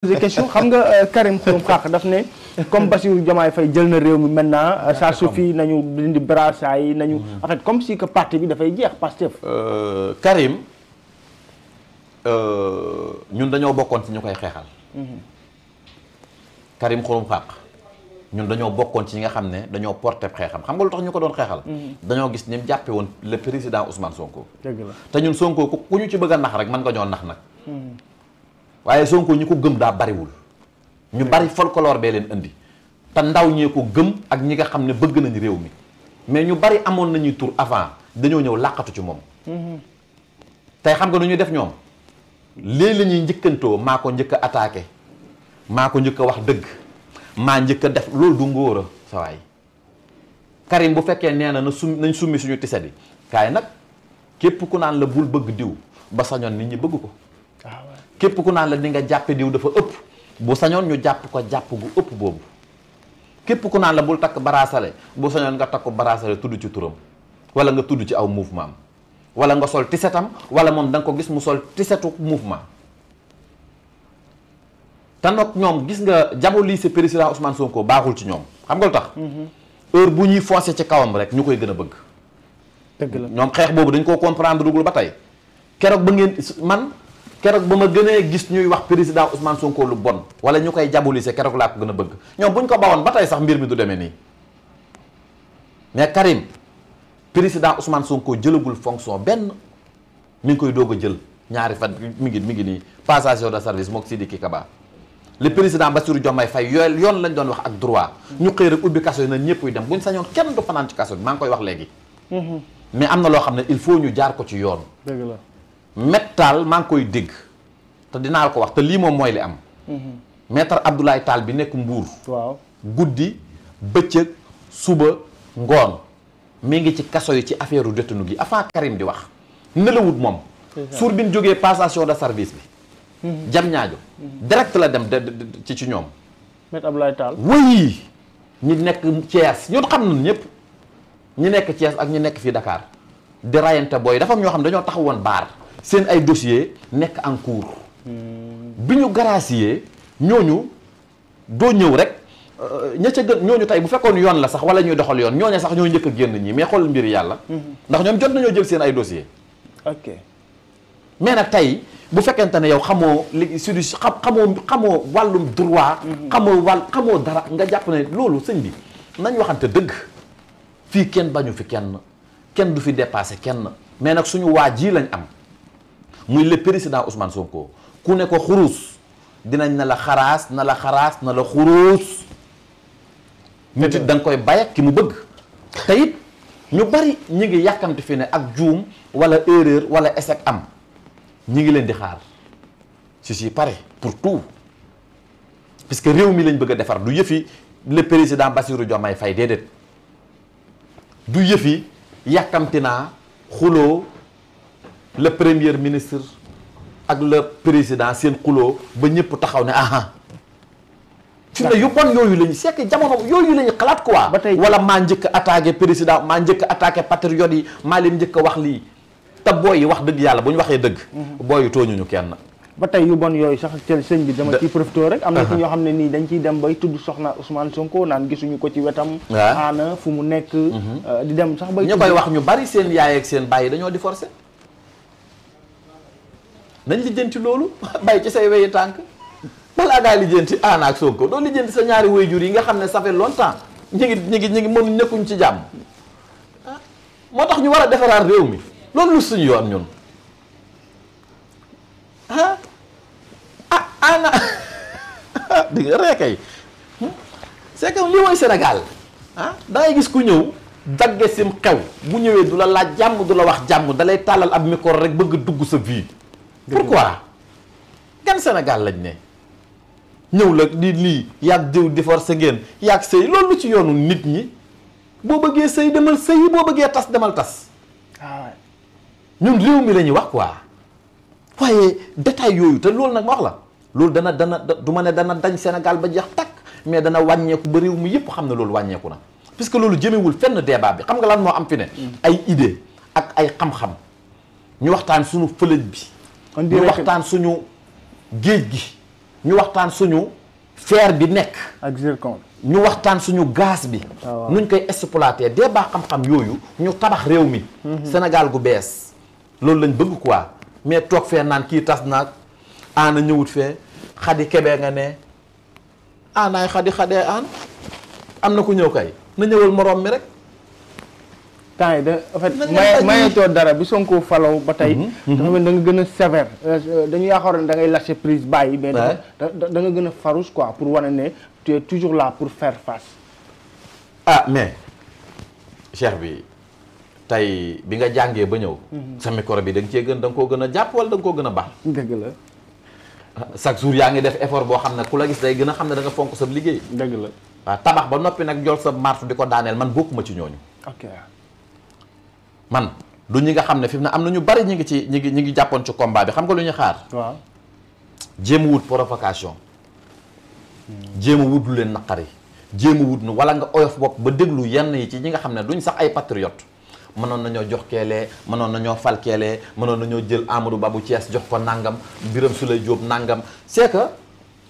posé question xam nga euh, Karim Xurum Xaq daf ne comme Bassirou Diomaye fay jël na réew mi maintenant ça ah, euh, suffit nañu dindi braça yi nañu mm-hmm. en comme si que parti bi dafay jeex Pastef euh, Karim ñun dañoo bokkoon ci ñu koy xeexal mm-hmm. Karim Xurum Xaq ñun dañoo bokkoon ci ñi nga xam ne dañoo porté xeexam xam nga lu tax ñu ko doon xeexal mm-hmm. dañoo gis ñim jàppe woon le président Ousmane Sonko dëgg la te ñun Sonko ku ñu ci bëgg a nax rek man nga ñoo nax nag waaye Sonko ñi ko gëm daa bariwul ñu bari folklore bee leen indi te ndaw ñee ko gëm ak ñi nga xam ne bëgg nañu réew mi mais ñu bari amoon nañuy tur avant dañoo ñëw làqatu ci moom te xam nga nu ñuy def ñoom léegi lañuy njëkkantoo maa ko njëkk a attaqué maa ko njëkk wax dëgg maa njëkk a def loolu du ngóora a sawaay Karim bu fekkee nee na na sum nañ summi suñu tise bi kaay nag képp ku naan la bul bëgg diw ba sañoon nit ñi bëgg ko képp ku naan la di nga jàppe diw dafa ëpp bu sañoon ñu jàpp ko jàpp gu ëpp boobu képp ku naan la bul takk baraasale bu sañoon nga takk baraasale tudd ci turam wala nga tudd ci aw mouvement am wala nga sol tisetam wala moom danga ko gis mu sol tisetu mouvement te nag ñoom gis nga diaboliser président Ousmane ko baaxul ci ñoom xam nga lu tax mhm. heure bu ñuy foncé ci kawam rek ñu koy gën a bëgg dëgg la ñoom xeex boobu dañ koo comprendre dugul ba tey keroog keroog ba ma gënee gis ñuy wax président Ousmane Sonko lu bon wala ñu koy diaboliser keroog laa ko gën a bëgg ñoom ñu ko bawoon ba tay sax mbir mi du demee nii mais Karim président Ousmane Sonko jëlagul fonction benn mi ngi koy doog a jël ñaari fan mi ngi mi ngi nii passation de service mook Sidiki Kaba le président Bassirou Diomaye Faye yooyu yoon lañ doon wax ak droit ñu xëy rek ubbi kaso yi na ñëppuy dem buñ sañoon kenn du fanaan ci kaso bi maa ngi koy wax léegi mhm. mais am na loo xam ne il faut ñu jaar ko ci yoon dëgg Maître Tall maa ngi koy dégg te dinaa ko wax te lii moom mooy li am. Mhm. Maître Abdoulaye Tall bi nekk Mbour. waaw guddi bëccëg suba ngoon mi ngi ci kaso yi ci affaire u détenu gi avant Karim di wax nelawut moom. suur bi ñu jógee passation de service bi. Mhm. jam ñaajo mhm. direct la dem ci ci ñoom. Maître Abdoulaye Tall ñi nekk Thiès ñun xam na ñëpp ñi nekk Thiès ak ñi nekk fii Dakar di rayante booy dafa am ñoo xam dañoo taxawoon baar. seen ay dossier nekk en cours bi ñu gracier ñooñu doo ñëw rek euh, ña ca gën ñooñu tey bu fekkoon yoon la sax wala ñuy doxal yoon ñoo ne sax ñoo njëkk a génn ñi mais xool mbir yàlla mm-hmm. ndax ñoom jot nañoo jël seen ay dossier ok mais nag tey bu fekkente ne yow xamoo li si xam xamoo xamoo wàllum droit mm-hmm. xamoo wàll xamoo dara nga jàpp ne loolu sëñ bi nañ waxante dëgg fii kenn bañu fi kenn kenn du fi dépassé kenn mais nag suñu waa ji lañ am muy le président Ousmane Sonko ku ne ko xuruus dinañ na la xaraas na la xaraas na la xuruus nit it da koy bay ki mu bëgg te ñu bari ñu ngi yàkkamti fi ne ak juum wala erreur wala échec am ñu ngi leen di xaar je suis paré pour tout parce que réew mi lañ bëgg a defar du yëfi le président Bassirou Diomaye fay déedéet du yëfi yàkkamti naa xuloo le premier ministre ak le président seen xuloo ba ñëpp taxaw ne aha fi ne yu la ñu c'est jamono yooyu la ñu xalaat quoi wala maa njëkk attaqué président maa njëkk attaqué patriotes yi maa leen njëkk wax lii te booy wax dëgg yàlla bu ñu waxee dëgg mhm. booy yi tooñuñu kenn ba tey yu bon yooyu sax teel sëñ bi dama ciy profité rek am na ñoo xam ne nii dañ ciy dem bay tudd soxna Ousmane Sonko naan gisuñu ko ci wetam mu nekk mhm. euh, di dem sax bay ñu koy wax ñu bari seen yaay ak seen bàyyi dañoo di nañ lijjanti loolu bay ci say weyi tànk balaa ngaa lijjanti Anna ak Sonko doo lijjanti sa ñaari wayjur yi nga xam ne ça fait longtemps ñi ngi ñi ngi ñi ngi mënu nekkuñ ci jàmm ah, moo tax ñu war a defaraat réew mi loolu lu suñu yoon ñun ah ah Anna di nga reekay c'est que lii mooy Sénégal ah, gis ku ñëw dagge sim xew bu ñëwee du la laaj jàmm du la wax jàmm dalay tàllal ab micro rek bëgg dugg sa vie pourquoi gan senegal lañ ne ñëw la di lii yàgg diw di forcé ngeen yàgg sëy loolu ci yoonu nit ñi boo bëggee sëy demal yi boo bëggee tas demal tas ah ñun réew mi la ñuy wax quoi waaye détail yooyu te loolu nag ma wax la loolu dana dana du ma ne dana dañ Sénégal ba jeex takk mais dana wàññeeku ba réew mi yëpp xam ne loolu wàññeeku na puisque loolu jëmewul fenn deebaa bi xam nga lan moo am fi ne mm. ay idée ak ay xam-xam ñu waxtaan suñu fëlëj bi ñu waxtaan suñu géej gi ñu waxtaan suñu fer bi nekk ak ñu waxtaan suñu gaas bi ah, nuñ koy exploiter dee baa xam-xam yooyu ñu tabax réew mi mhm. Sénégal gu bees loolu lañ bëgg quoi mais toog fee naan kii tas nag aana ñëwut fee xadi kebee nga ne aanaay xadi xadee aan am na ko ñëw kay na ñëwal morom mi rek temps yi da en fait may mayetoo dara bi sonkoo falaw ba tey mhm, mhm. dafa mel nga gën a sévère euh, euh, dañu yaakaaroon da ngay lâcher prise bàyyi mais da da nga gën a farouche quoi pour wane ne tu es toujours là pour faire face ah mais cheikh bi tey bi nga jàngee ba ñëw mhm. sa micro bi da cee gën da nga koo gën a jàpp wala da nga koo gën a baax dëgg la ah, chaque jour yaa ngi def effort boo xam ne ku la gis day gën a xam ne da nga fonk sa liggéey dëgg la waaw ah, tabax ba noppi nag jol sa marche di ko daaneel man bokkuma ci ñooñu ok man du ñi nga xam ne fi mu ne am na ñu bari ñu ngi ci ñu ngi ñi ngi jàppoon ci komba bi xam nga lu ñu xaar. waaw jéem wut provocation. jéem wut lu leen naqari jéem a wut nu wala nga oyof bopp ba déglu yenn yi ci ñi nga xam ne duñ sax ay patriote mënoon nañoo jox keele mënoon nañoo fal keelee mënoon nañoo jël Amadou Ba bu jox ko nangam Birame Souleye Diop nangam c'est que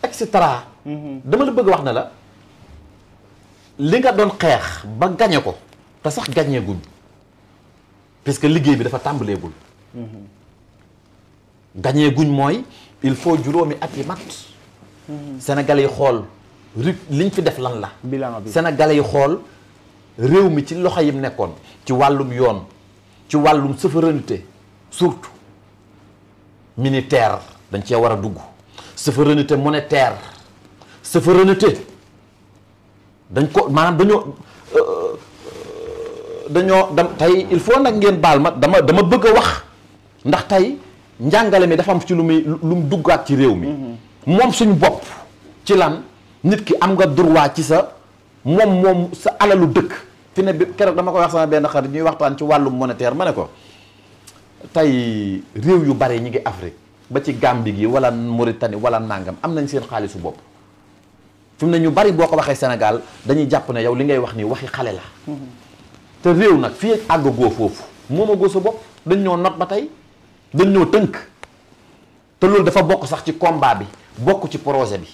et cetera. dama la bëgg wax na la li nga doon xeex ba gañe ko te sax gañe guñ parce que liggéey bi dafa tàmbaleegul. gañee guñ mooy il faut juróomi at yi mat. Sénégalais yi xool ru liñ fi def lan la. bilan bi Sénégalais yi xool réew mi ci loxo yim nekkoon ci wàllum yoon ci wàllum souveraineté surtout militaire dañ cee war a dugg souveraineté monétaire souveraineté dañ ko maanaam dañoo dañoo dam tey il faut nag ngeen baal ma dama dama bëgg a wax ndax tey njàngale mi dafa am ci lu muy lu mu duggaat ci réew mi mm-hmm. moom suñu bopp ci lan nit ki am nga droit ci sa moom moom sa alalu dëkk fi ne bi keroog dama koy wax sama benn xarit ñuy waxtaan ci wàllu monétaire ma ne ko tey réew yu bari ñu ngi Afrique ba ci Gambie gi wala Mauritanie wala nàngam am nañ seen xaalisu bopp fi mu ne ñu bari boo ko waxee Sénégal dañuy jàpp ne yow li ngay wax nii waxi xale la mm-hmm. te réew nag fii ak àggagoo foofu moomagoo sa bopp dañ ñoo not ba tey dañ ñoo tënk te loolu dafa bokk sax ci combat bi bokk ci projet bi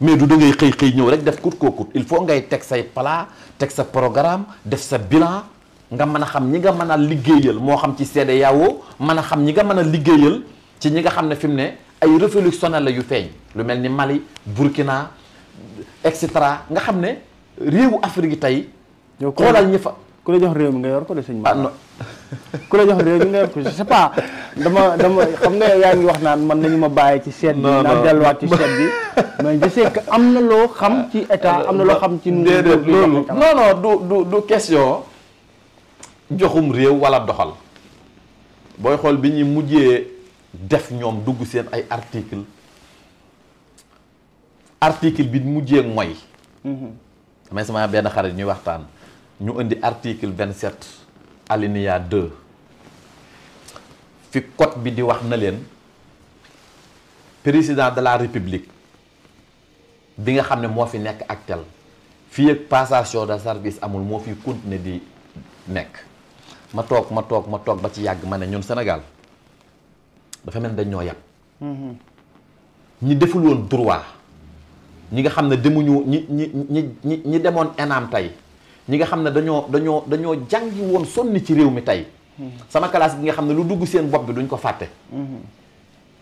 mais du da ngay xëy xëy ñëw rek def kut kookut il faut ngay teg say palaa teg sa programme def sa bilan nga mën a xam ñi nga mën a liggéeyal moo xam ci CEDEAO mën a xam ñi nga mën a liggéeyal ci ñi nga xam ne fi mu ne ay révolutionnaire la yu feeñ lu mel ni Mali Burkina et cetera nga xam ne réewu Afrique yi tey. yow xoolal ñi fa ku la jox réew mi nga yor ko de sëñ Maodo. Ah, ku la jox réew mi nga yor ko je sais pas dama dama xam nga yaa ngi wax naan man nañu ma bàyyi ci seet bi naa delluwaat ci seet bi mais am na loo xam ci am na loo euh, xam ci déedéet loolu non non joxum réew wala doxal booy xool bi ñuy mujjee def ñoom dugg seen ay article article bi mujjee mooy mhm. damay sama benn xarit ñuy waxtaan ñu indi article 27 alinéa 2 fi code bi di wax na leen président de la république bi nga xam ne moo fi nekk ak tel fii ak passation de service amul moo fi continuer di nekk ma toog ma toog ma toog ba ci yàgg ma ne ñun senegal dafa mel dañ ñoo yàpp mm-hmm. ñi deful woon ñi nga xam ne demuñu ñi ñi ñi ñi ñi demoon enam tey ñi nga xam ne dañoo dañoo dañoo jàngi woon sonni ci réew mi tey hmm. sama classe bi nga xam ne lu dugg seen bopp bi duñ ko fàtte hmm.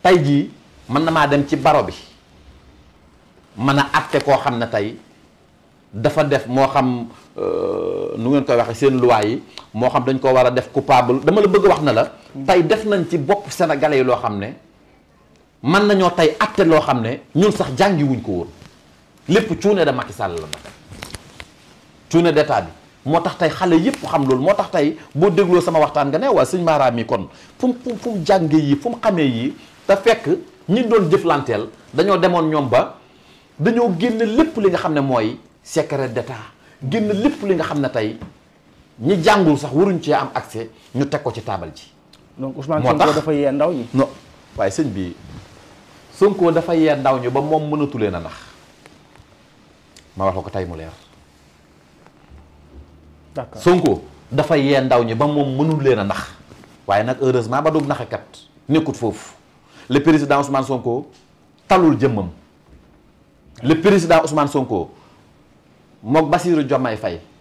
tey jii mën na maa dem ci baro bi mën a atte koo xam ne tey dafa def moo xam euh, nu ngeen koy waxee seen loi yi moo xam dañ ko war a def coupable dama la bëgg wax na la hmm. tey def nañ ci bopp sénégalais yi loo xam ne mën nañoo tey atte loo xam ne ñun sax jàngiwuñ ko woon lépp cuune da Macky sàll la nag cuune d'état bi moo tax tey xale yëpp xam loolu moo tax tey boo dégloo sama waxtaan nga ne waa sëñ Mara kon fu mu fu yi fu xamee yi fekk ñi jëflanteel dañoo demoon ñoom ba dañoo génn lépp li nga xam ne mooy secret d'état génn lépp li nga xam ne tey ñi jàngul sax waruñ cee am accès ñu teg ko ci taabal ji. donc Ousmane Sonko dafa ndaw ñi. waaye sëñ bi Sonko dafa yee ndaw ñi ba moom mënatu leen a nax ma wax ko tey mu leer. Sonko dafa yee ndaw ñi ba moom mënul leen a nax waaye nag heureusement ba du naxakat nekkut foofu le président Ousmane Sonko talul jëmmam le président Ousmane Sonko mook Bassirou Diomaye fay